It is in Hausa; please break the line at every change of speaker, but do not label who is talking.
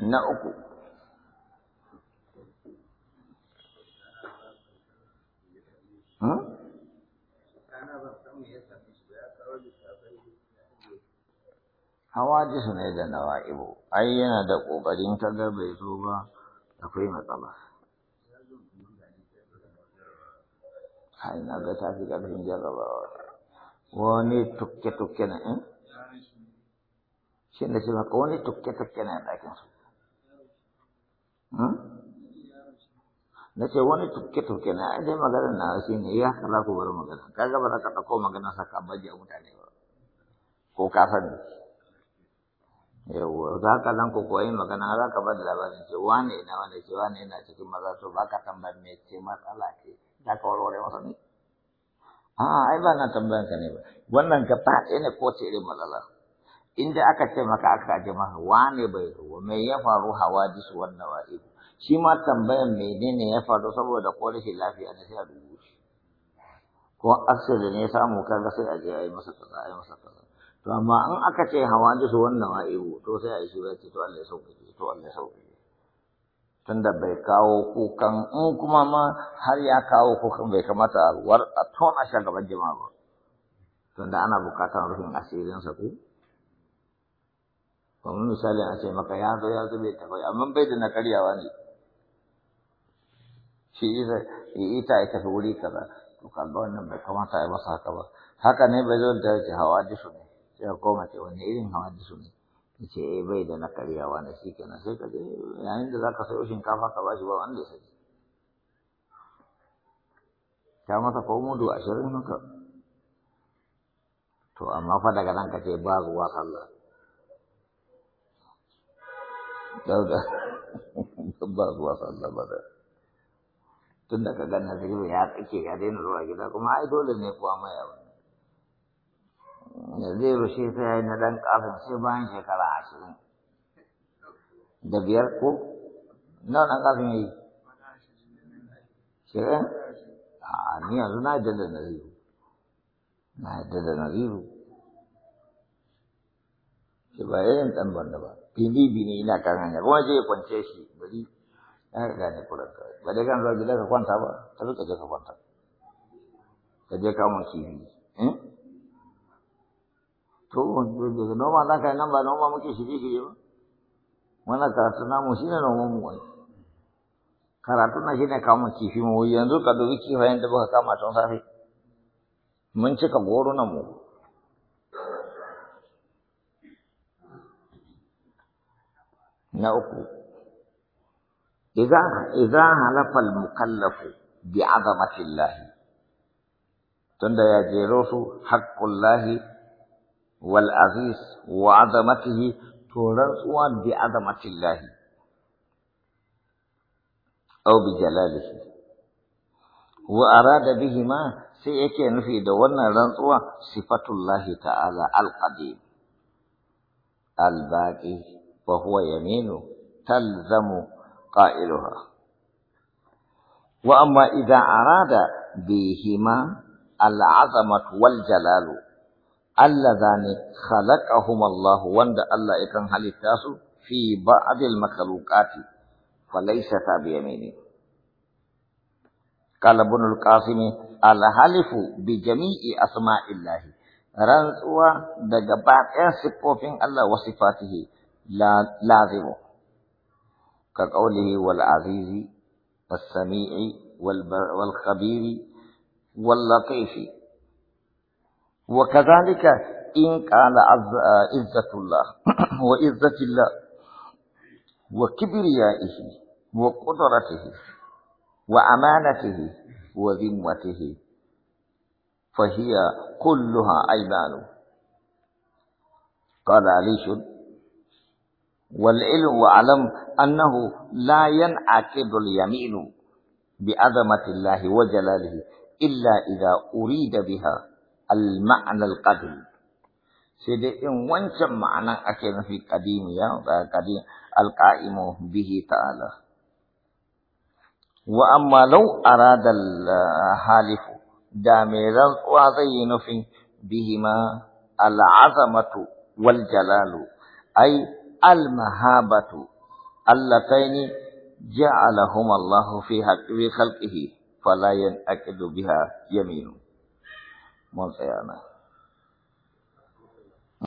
na uku hmm? hawa jisu ne da nawa'ibu ai yana da ƙoƙarin kaga bai zo ba akwai matsala hai na ga ta fi ƙarfin jarrabawa wani tukke-tukke na in eh? shi ne shi wani tukke-tukke na su na ce wani tuke-tuke na aje magana na shi ne ya eh, kala ku bar magana kaga ba za ka ɗauko magana sa ka bajiya mutane ba ko ka sani yawwa za ka zan ku koyi magana za ka bada labarin ce wani ina wani ce wani ina cikin maza to ba ka tambar me ce matsala ce za ka warware masa ne a ai ba na tambayar ka ne ba wannan ka ta ne ko ce irin matsala inda aka ce maka aka ji maka wane bai ruwa me ya faru hawadisu wannan wa'ibu shi ma tambayan menene ya faru saboda ko rashin lafiya ne sai a dubu shi ko asali ne samu kaga sai a je a yi masa kaza a yi masa kaza to amma in aka ce hawadisu wannan wa'ibu to sai a yi shi bai ce to Allah ya sauƙaƙe to Allah ya sauƙaƙe tunda bai kawo kukan in kuma ma har ya kawo kukan bai kamata a tona shagaban gaban jama'a ba tunda ana bukatar rufin asirinsa ko Kamar misali a ce maka ya zo ya zo bai tafi amma bai da na karyawa ne. Shi ita ya tafi wuri kaza to kaga wannan bai kamata ya masa haka ba. Haka ne bai zo da ce hawa dishu ne sai ka koma ce wani irin hawa dishu ne. ce eh bai da na karyawa ne shi kenan sai ka je yayin da zaka ushin kafa ka bashi ba wanda ya sai Ta masa ko mudu ashirin haka. To amma fa daga nan ka ce ba ruwa sallah. dauka ba zuwa sallah ba da tun da ka gana sai ya tsake ya daina zuwa gida kuma ai dole ne kuwa mai abu da zai rushe sai na dan kafin sai bayan shekara ashirin da biyar ko nawa dan kafin yayi shirin a ni yanzu na yadda da naziru na yadda da naziru shi ba yayin dan ba bini bini ina kan hanya kuma je kwance shi bari ya riga ne kuran kan zuwa gida ka kwanta ba ta ka je ka kwanta ka je kamun kifi hmm? to noma za ka nama nan ba noma muke shirye shirye ba karatu namu shi ne mu wani karatu na shi ne kamun kifi mu yanzu ka kifayen da baka kama tun mun cika gorunan mu نأكو إذا إذا هلف المكلف بعظمة الله تندى يا جيروس حق الله والعزيز وعظمته تورسوا بعظمة الله أو بجلاله وأراد بهما سيكي في دونا رنسوا صفة الله تعالى القديم الباقي وهو يمين تلزم قائلها وأما إذا أراد بهما العظمة والجلال اللذان خلقهما الله وند الله إكن هل في بعض المخلوقات فليستا بيمينه قال ابن القاسم الحلف بجميع أسماء الله رنسوا دقبات صفوفين الله وصفاته لازم كقوله والعزيز والسميع والخبير واللطيف وكذلك إن قال عزة الله وعزة الله وكبريائه وقدرته وأمانته وذمته فهي كلها أيمان قال علي والعلم وعلم أنه لا ينعقد اليمين بعظمة الله وجلاله إلا إذا أريد بها المعنى القديم سيدي إن وانشم معنى أكيد في قديم يا قديم القائم به تعالى وأما لو أراد الحالف دامير وعظين في بهما العظمة والجلال أي المهابة اللتين جعلهما الله في خلقه فلا ينأكد بها يمين. Mau